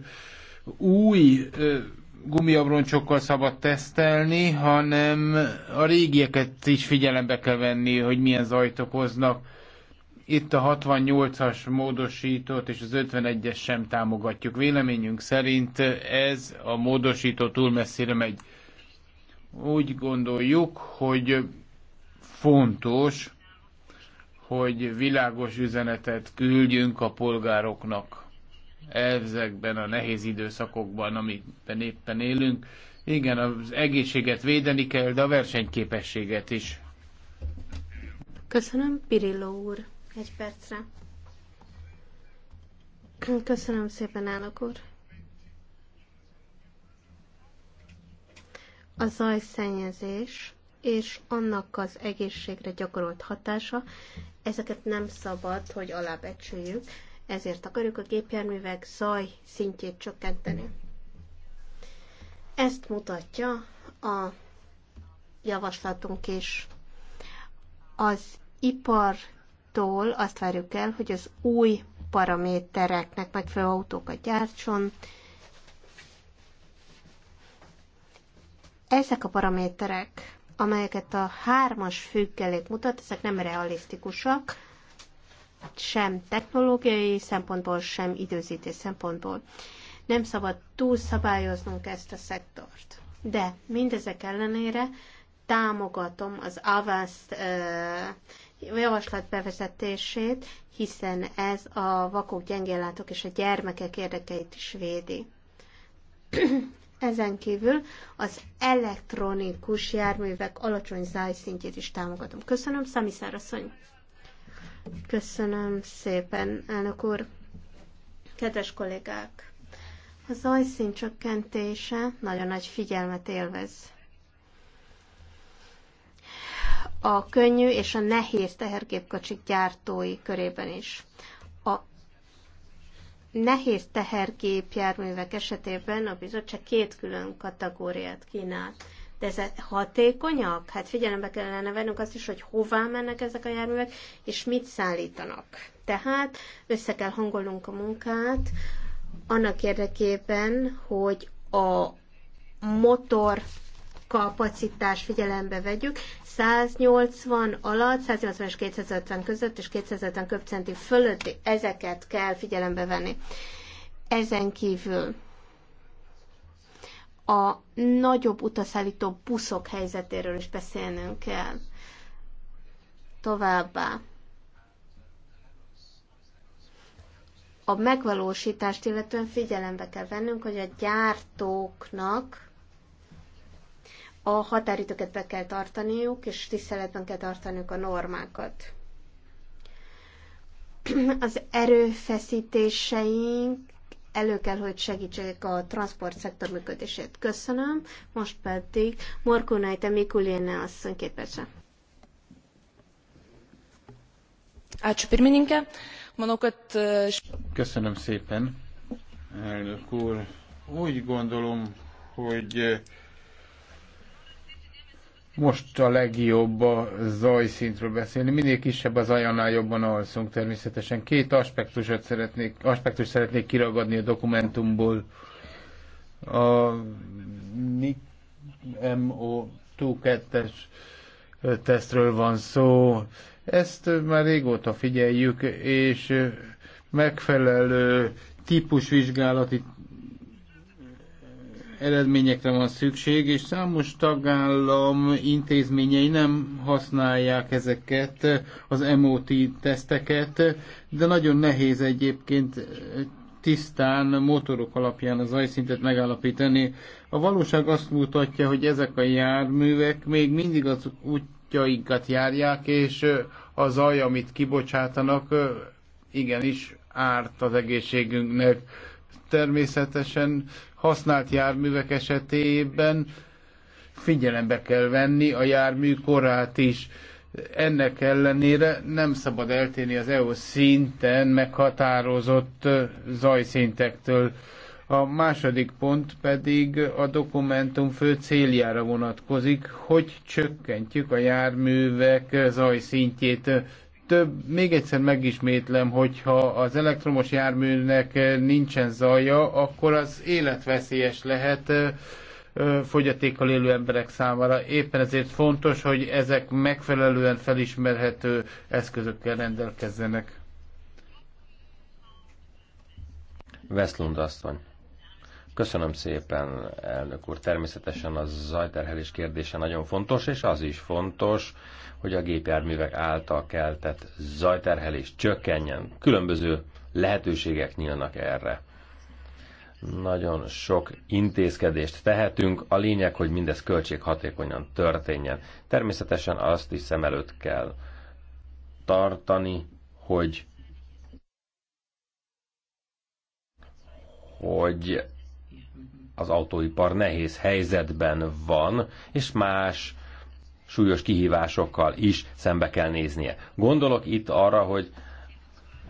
új gumiabroncsokkal szabad tesztelni, hanem a régieket is figyelembe kell venni, hogy milyen zajt okoznak. Itt a 68-as módosítót és az 51-es sem támogatjuk. Véleményünk szerint ez a módosító túl messzire megy. Úgy gondoljuk, hogy fontos, hogy világos üzenetet küldjünk a polgároknak ezekben a nehéz időszakokban, amiben éppen élünk. Igen, az egészséget védeni kell, de a versenyképességet is. Köszönöm, Pirilló úr egy percre. Köszönöm szépen, állok úr. A zajszennyezés és annak az egészségre gyakorolt hatása, ezeket nem szabad, hogy alábecsüljük, ezért akarjuk a gépjárművek zaj szintjét csökkenteni. Ezt mutatja a javaslatunk is. Az ipar tól azt várjuk el, hogy az új paramétereknek megfelelő autókat gyártson. Ezek a paraméterek, amelyeket a hármas függelék mutat, ezek nem realisztikusak, sem technológiai szempontból, sem időzítés szempontból. Nem szabad túlszabályoznunk ezt a szektort. De mindezek ellenére támogatom az Avast javaslat bevezetését, hiszen ez a vakok, gyengéllátók és a gyermekek érdekeit is védi. Ezen kívül az elektronikus járművek alacsony zajszintjét is támogatom. Köszönöm, Szami Szárasszony. Köszönöm szépen, elnök úr. Kedves kollégák, a zajszint csökkentése nagyon nagy figyelmet élvez a könnyű és a nehéz tehergépkocsik gyártói körében is. A nehéz tehergépjárművek esetében a bizottság két külön kategóriát kínál. De ez hatékonyak? Hát figyelembe kellene vennünk azt is, hogy hová mennek ezek a járművek, és mit szállítanak. Tehát össze kell hangolnunk a munkát, annak érdekében, hogy a motor kapacitás figyelembe vegyük, 180 alatt, 180 és 250 között és 250 köbcenti fölötti, ezeket kell figyelembe venni. Ezen kívül a nagyobb utaszállító buszok helyzetéről is beszélnünk kell. Továbbá a megvalósítást illetően figyelembe kell vennünk, hogy a gyártóknak a határidőket be kell tartaniuk, és tiszteletben kell tartaniuk a normákat. Az erőfeszítéseink elő kell, hogy segítsék a transportszektor működését. Köszönöm, most pedig Morkunajte Mikuléne asszony manokat. E, Köszönöm szépen, elnök úr. Úgy gondolom, hogy most a legjobb a zajszintről beszélni. Minél kisebb az zaj, annál jobban alszunk természetesen. Két aspektusot szeretnék, aspektus szeretnék kiragadni a dokumentumból. A MO22-es tesztről van szó. Ezt már régóta figyeljük, és megfelelő típusvizsgálati eredményekre van szükség, és számos tagállam intézményei nem használják ezeket az MOT teszteket, de nagyon nehéz egyébként tisztán motorok alapján az zajszintet megállapítani. A valóság azt mutatja, hogy ezek a járművek még mindig az útjaikat járják, és a zaj, amit kibocsátanak, igenis árt az egészségünknek. Természetesen használt járművek esetében figyelembe kell venni a jármű korát is. Ennek ellenére nem szabad eltérni az EU szinten meghatározott zajszintektől. A második pont pedig a dokumentum fő céljára vonatkozik, hogy csökkentjük a járművek zajszintjét több, még egyszer megismétlem, hogyha az elektromos járműnek nincsen zaja, akkor az életveszélyes lehet fogyatékkal élő emberek számára. Éppen ezért fontos, hogy ezek megfelelően felismerhető eszközökkel rendelkezzenek. Veszlund asszony. Köszönöm szépen, elnök úr. Természetesen a zajterhelés kérdése nagyon fontos, és az is fontos, hogy a gépjárművek által keltett zajterhelés csökkenjen. Különböző lehetőségek nyílnak erre. Nagyon sok intézkedést tehetünk, a lényeg, hogy mindez költséghatékonyan történjen. Természetesen azt is szem előtt kell tartani, hogy hogy az autóipar nehéz helyzetben van, és más súlyos kihívásokkal is szembe kell néznie. Gondolok itt arra, hogy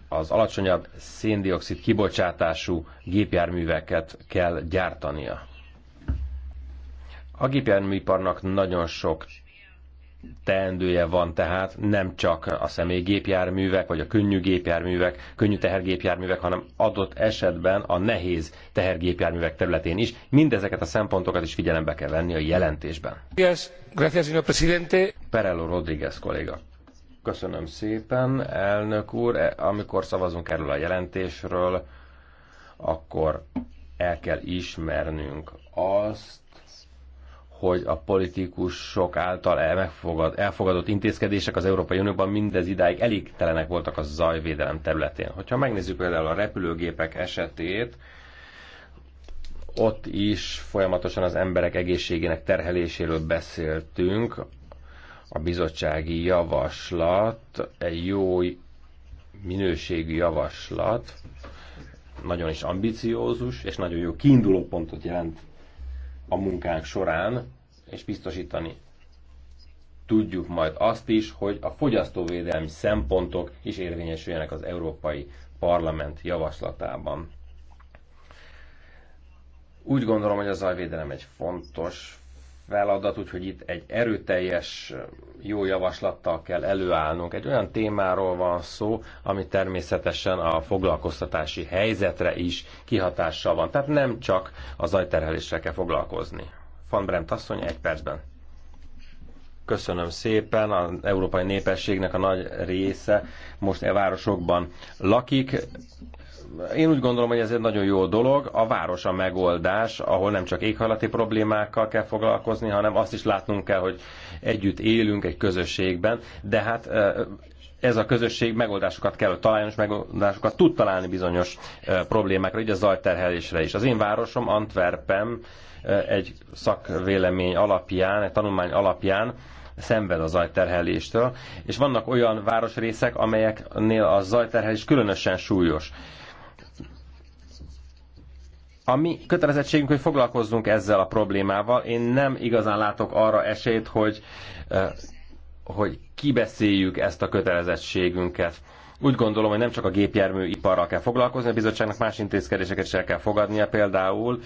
az alacsonyabb széndiokszid kibocsátású gépjárműveket kell gyártania. A gépjárműiparnak nagyon sok teendője van tehát nem csak a személygépjárművek vagy a könnyű gépjárművek, könnyű tehergépjárművek, hanem adott esetben a nehéz tehergépjárművek területén is. Mindezeket a szempontokat is figyelembe kell venni a jelentésben. Gracias, gracias señor presidente. Perello Rodriguez kolléga. Köszönöm szépen, elnök úr. E, amikor szavazunk erről a jelentésről, akkor el kell ismernünk azt, hogy a politikusok által elmefogad, elfogadott intézkedések az Európai Unióban mindez idáig elégtelenek voltak a zajvédelem területén. Hogyha megnézzük például a repülőgépek esetét, ott is folyamatosan az emberek egészségének terheléséről beszéltünk. A bizottsági javaslat egy jó minőségű javaslat, nagyon is ambiciózus, és nagyon jó kiinduló pontot jelent a munkánk során, és biztosítani tudjuk majd azt is, hogy a fogyasztóvédelmi szempontok is érvényesüljenek az Európai Parlament javaslatában. Úgy gondolom, hogy a zajvédelem egy fontos feladat, úgyhogy itt egy erőteljes, jó javaslattal kell előállnunk. Egy olyan témáról van szó, ami természetesen a foglalkoztatási helyzetre is kihatással van. Tehát nem csak az ajterheléssel kell foglalkozni. Van Brent asszony, egy percben. Köszönöm szépen, az európai népességnek a nagy része most e városokban lakik, én úgy gondolom, hogy ez egy nagyon jó dolog. A város a megoldás, ahol nem csak éghajlati problémákkal kell foglalkozni, hanem azt is látnunk kell, hogy együtt élünk egy közösségben, de hát ez a közösség megoldásokat kell, találni, és megoldásokat tud találni bizonyos problémákra, így a zajterhelésre is. Az én városom, Antwerpen egy szakvélemény alapján, egy tanulmány alapján szenved a zajterheléstől, és vannak olyan városrészek, amelyeknél a zajterhelés különösen súlyos. A mi kötelezettségünk, hogy foglalkozzunk ezzel a problémával. Én nem igazán látok arra esélyt, hogy, hogy kibeszéljük ezt a kötelezettségünket. Úgy gondolom, hogy nem csak a iparral kell foglalkozni, a bizottságnak más intézkedéseket is el kell fogadnia, például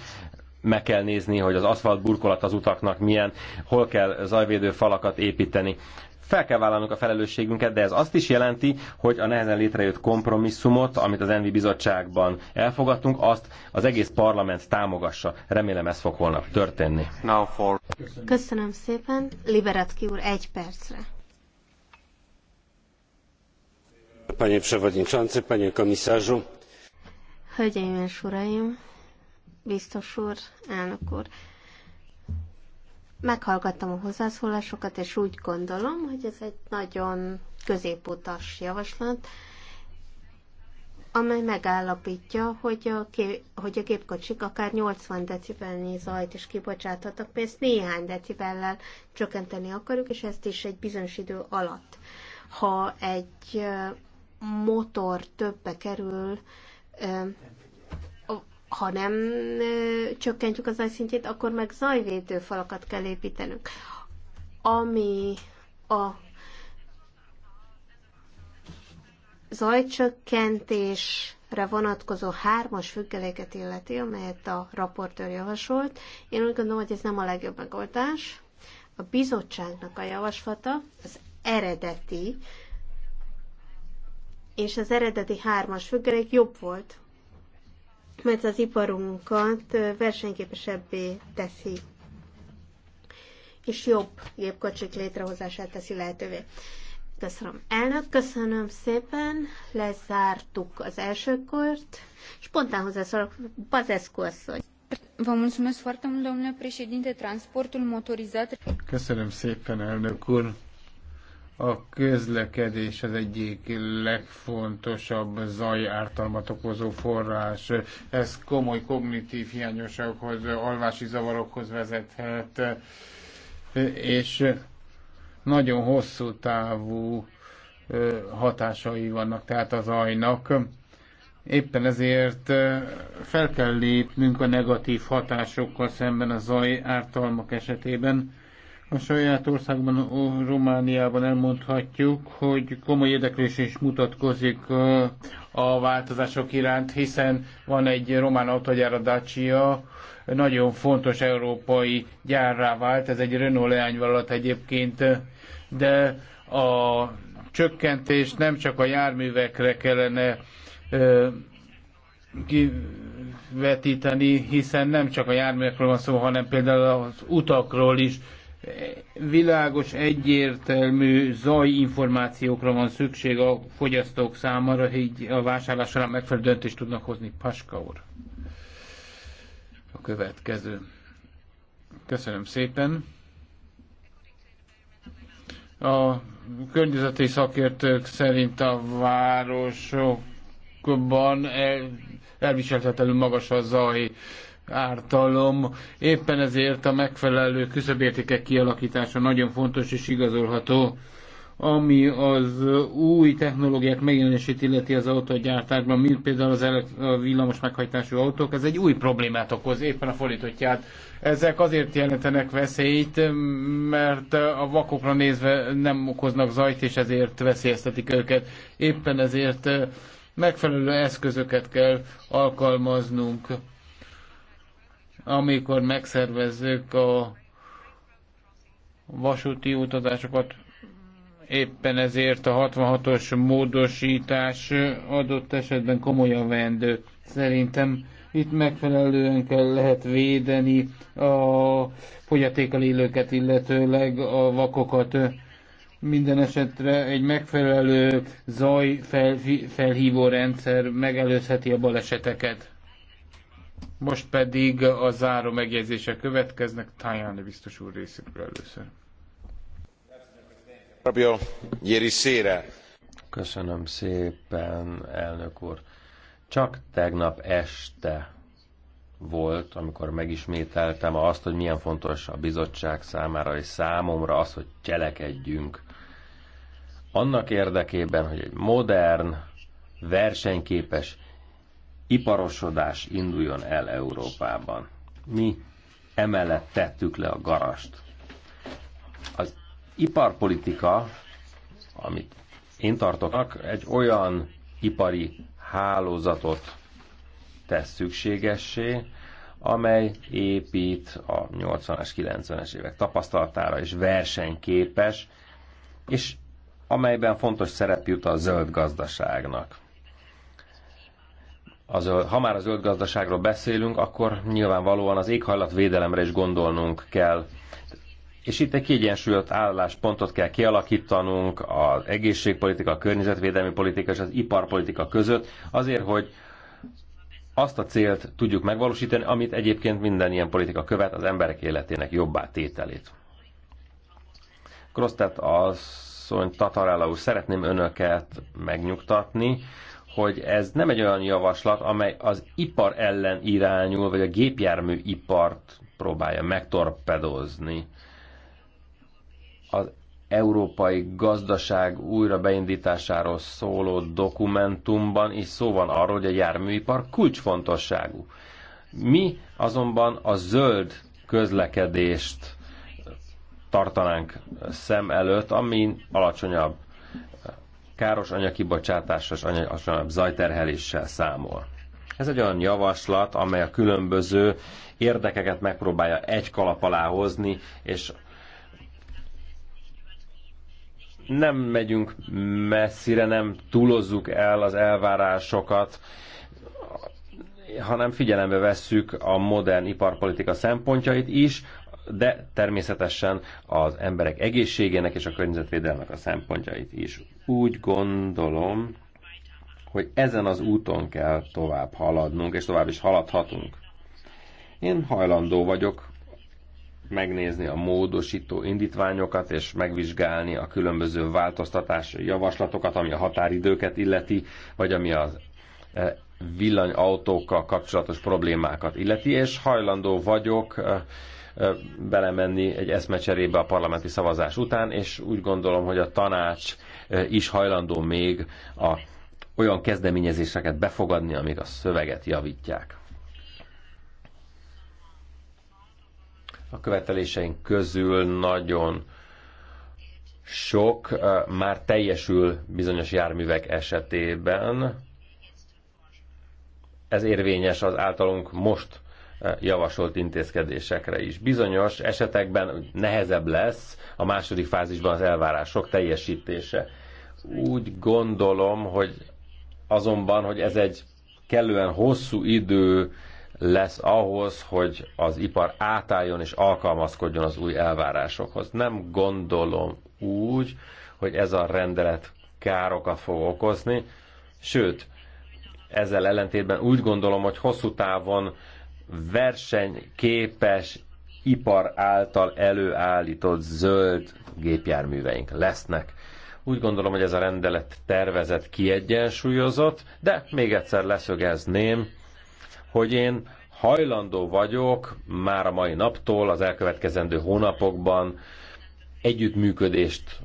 meg kell nézni, hogy az aszfalt burkolat az utaknak milyen, hol kell zajvédő falakat építeni. Fel kell vállalnunk a felelősségünket, de ez azt is jelenti, hogy a nehezen létrejött kompromisszumot, amit az Envi Bizottságban elfogadtunk, azt az egész parlament támogassa. Remélem ez fog holnap történni. Now for... Köszönöm. szépen. Liberatki úr, egy percre. Panie Przewodniczący, Panie Komisarzu! Hölgyeim és Uraim, biztos úr, elnök úr! Meghallgattam a hozzászólásokat, és úgy gondolom, hogy ez egy nagyon középutas javaslat, amely megállapítja, hogy a, hogy a gépkocsik akár 80 decibelnyi zajt is kibocsáthatnak, mert ezt néhány decibellel csökkenteni akarjuk, és ezt is egy bizonyos idő alatt. Ha egy motor többe kerül, ha nem csökkentjük az zajszintjét, akkor meg zajvédő falakat kell építenünk. Ami a zajcsökkentésre vonatkozó hármas függeléket illeti, amelyet a raportőr javasolt. Én úgy gondolom, hogy ez nem a legjobb megoldás. A bizottságnak a javaslata az eredeti, és az eredeti hármas függelék jobb volt, mert az iparunkat versenyképesebbé teszi, és jobb gépkocsik létrehozását teszi lehetővé. Köszönöm. Elnök, köszönöm szépen. Lezártuk az első és pontán hozzászólok, Bazeszko asszony. Vă mulțumesc foarte mult, domnule președinte. Transportul motorizat... Köszönöm szépen, elnök úr. A közlekedés az egyik legfontosabb zajártalmat okozó forrás. Ez komoly kognitív hiányosokhoz, alvási zavarokhoz vezethet, és nagyon hosszú távú hatásai vannak, tehát az ajnak. Éppen ezért fel kell lépnünk a negatív hatásokkal szemben a zaj ártalmak esetében. A saját országban, Romániában elmondhatjuk, hogy komoly érdeklés is mutatkozik a változások iránt, hiszen van egy román autogyár, a Dacia, nagyon fontos európai gyárrá vált, ez egy Renault leányvállalat egyébként, de a csökkentés nem csak a járművekre kellene kivetíteni, hiszen nem csak a járművekről van szó, hanem például az utakról is világos, egyértelmű információkra van szükség a fogyasztók számára, hogy a vásárlás során megfelelő döntést tudnak hozni. Paska úr. A következő. Köszönöm szépen. A környezeti szakértők szerint a városokban el, elviselhetetlenül magas a zaj ártalom. Éppen ezért a megfelelő küszöbértékek kialakítása nagyon fontos és igazolható ami az új technológiák megjelenését illeti az autógyártásban, mint például az elek- a villamos meghajtású autók, ez egy új problémát okoz, éppen a fordítottját. Ezek azért jelentenek veszélyt, mert a vakokra nézve nem okoznak zajt, és ezért veszélyeztetik őket. Éppen ezért megfelelő eszközöket kell alkalmaznunk amikor megszervezzük a vasúti utazásokat, éppen ezért a 66-os módosítás adott esetben komolyan vendő. Szerintem itt megfelelően kell lehet védeni a fogyatékkal élőket, illetőleg a vakokat. Minden esetre egy megfelelő zaj fel, felhívó rendszer megelőzheti a baleseteket. Most pedig a záró megjegyzések következnek Tajani biztos úr részéről először. Köszönöm szépen, elnök úr. Csak tegnap este volt, amikor megismételtem azt, hogy milyen fontos a bizottság számára és számomra az, hogy cselekedjünk. Annak érdekében, hogy egy modern, versenyképes iparosodás induljon el Európában. Mi emellett tettük le a garast. Az iparpolitika, amit én tartok, egy olyan ipari hálózatot tesz szükségessé, amely épít a 80-as, 90-es évek tapasztalatára és versenyképes, és amelyben fontos szerep jut a zöld gazdaságnak az, ha már az zöld gazdaságról beszélünk, akkor nyilvánvalóan az éghajlatvédelemre is gondolnunk kell. És itt egy kiegyensúlyozott álláspontot kell kialakítanunk az egészségpolitika, a környezetvédelmi politika és az iparpolitika között, azért, hogy azt a célt tudjuk megvalósítani, amit egyébként minden ilyen politika követ, az emberek életének jobbá tételét. Krosztet asszony, Tatarella úr, szeretném önöket megnyugtatni, hogy ez nem egy olyan javaslat, amely az ipar ellen irányul, vagy a gépjármű ipart próbálja megtorpedozni. Az európai gazdaság újra beindításáról szóló dokumentumban is szó van arról, hogy a járműipar kulcsfontosságú. Mi azonban a zöld közlekedést tartanánk szem előtt, amin alacsonyabb káros és anyag zajterheléssel számol. Ez egy olyan javaslat, amely a különböző érdekeket megpróbálja egy kalap alá hozni, és nem megyünk messzire, nem túlozzuk el az elvárásokat, hanem figyelembe vesszük a modern iparpolitika szempontjait is, de természetesen az emberek egészségének és a környezetvédelmek a szempontjait is. Úgy gondolom, hogy ezen az úton kell tovább haladnunk, és tovább is haladhatunk. Én hajlandó vagyok megnézni a módosító indítványokat, és megvizsgálni a különböző változtatási javaslatokat, ami a határidőket illeti, vagy ami a eh, villanyautókkal kapcsolatos problémákat illeti, és hajlandó vagyok eh, belemenni egy eszmecserébe a parlamenti szavazás után, és úgy gondolom, hogy a tanács is hajlandó még a olyan kezdeményezéseket befogadni, amik a szöveget javítják. A követeléseink közül nagyon sok már teljesül bizonyos járművek esetében. Ez érvényes az általunk most javasolt intézkedésekre is. Bizonyos esetekben nehezebb lesz a második fázisban az elvárások teljesítése. Úgy gondolom, hogy azonban, hogy ez egy kellően hosszú idő lesz ahhoz, hogy az ipar átálljon és alkalmazkodjon az új elvárásokhoz. Nem gondolom úgy, hogy ez a rendelet károkat fog okozni, sőt, ezzel ellentétben úgy gondolom, hogy hosszú távon versenyképes ipar által előállított zöld gépjárműveink lesznek. Úgy gondolom, hogy ez a rendelet tervezett kiegyensúlyozott, de még egyszer leszögezném, hogy én hajlandó vagyok már a mai naptól, az elkövetkezendő hónapokban együttműködést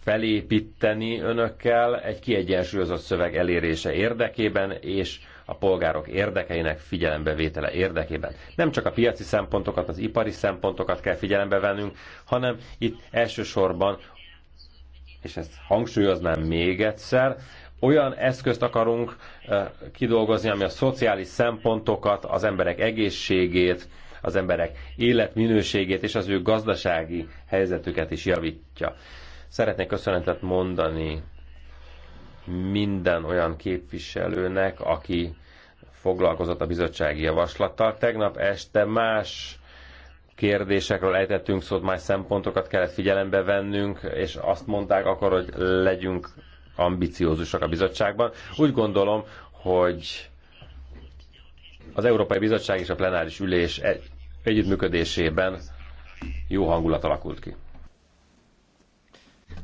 felépíteni önökkel egy kiegyensúlyozott szöveg elérése érdekében, és a polgárok érdekeinek figyelembevétele érdekében. Nem csak a piaci szempontokat, az ipari szempontokat kell figyelembe vennünk, hanem itt elsősorban, és ezt hangsúlyoznám még egyszer, olyan eszközt akarunk eh, kidolgozni, ami a szociális szempontokat, az emberek egészségét, az emberek életminőségét és az ő gazdasági helyzetüket is javítja. Szeretnék köszönetet mondani minden olyan képviselőnek, aki foglalkozott a bizottsági javaslattal. Tegnap este más kérdésekről ejtettünk szót, más szempontokat kellett figyelembe vennünk, és azt mondták akkor, hogy legyünk ambiciózusak a bizottságban. Úgy gondolom, hogy az Európai Bizottság és a plenáris ülés egy, együttműködésében jó hangulat alakult ki.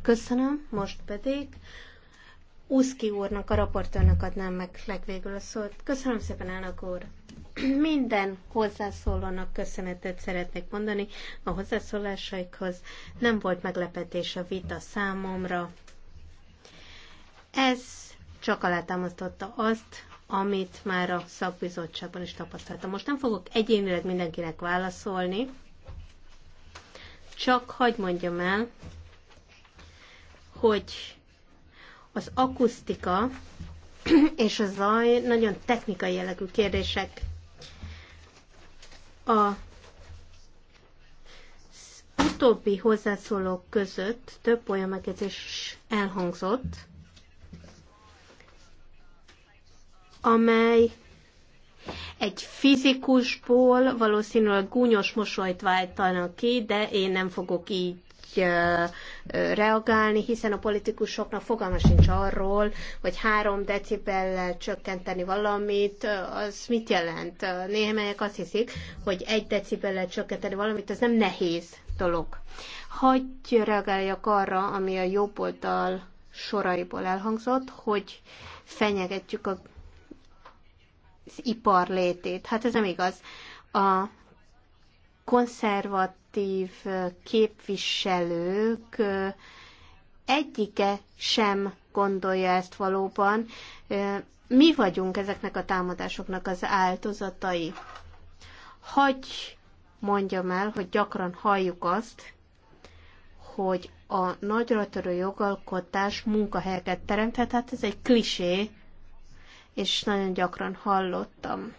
Köszönöm, most pedig Uszki úrnak, a raportőrnek adnám meg, legvégül a szót. Köszönöm szépen, elnök úr! Minden hozzászólónak köszönetet szeretnék mondani a hozzászólásaikhoz. Nem volt meglepetés a vita számomra. Ez csak alátámasztotta azt, amit már a szakbizottságban is tapasztaltam. Most nem fogok egyénileg mindenkinek válaszolni, csak hagyd mondjam el, hogy az akusztika és a zaj nagyon technikai jellegű kérdések. A utóbbi hozzászólók között több olyan megjegyzés elhangzott, amely egy fizikusból valószínűleg gúnyos mosolyt váltanak ki, de én nem fogok így reagálni, hiszen a politikusoknak fogalma sincs arról, hogy három decibellel csökkenteni valamit, az mit jelent? Némelyek azt hiszik, hogy egy decibellel csökkenteni valamit, az nem nehéz dolog. Hagyj reagáljak arra, ami a jobb oldal soraiból elhangzott, hogy fenyegetjük a, az ipar létét. Hát ez nem igaz. A konzervat aktív képviselők egyike sem gondolja ezt valóban. Mi vagyunk ezeknek a támadásoknak az áldozatai. Hagy mondjam el, hogy gyakran halljuk azt, hogy a nagyra törő jogalkotás munkahelyeket teremthet, hát ez egy klisé, és nagyon gyakran hallottam.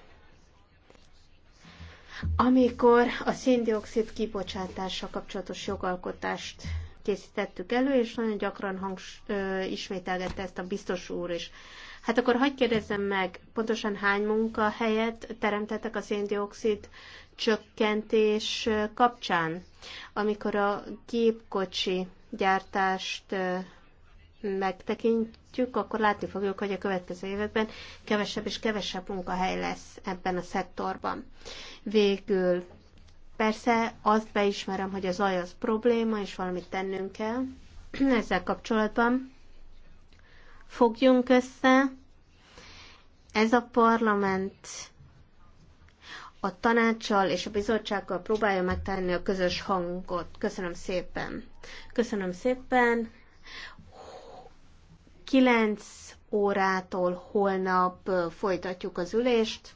Amikor a széndiokszid kibocsátással kapcsolatos jogalkotást készítettük elő, és nagyon gyakran hangs, ö, ismételgette ezt a biztos úr is. Hát akkor hagyd kérdezzem meg, pontosan hány munkahelyet teremtettek a széndiokszid csökkentés kapcsán, amikor a gépkocsi gyártást megtekintjük, akkor látni fogjuk, hogy a következő években kevesebb és kevesebb munkahely lesz ebben a szektorban. Végül persze azt beismerem, hogy a zaj az probléma, és valamit tennünk kell ezzel kapcsolatban. Fogjunk össze. Ez a parlament a tanácssal és a bizottsággal próbálja megtenni a közös hangot. Köszönöm szépen. Köszönöm szépen. 9 órától holnap folytatjuk az ülést.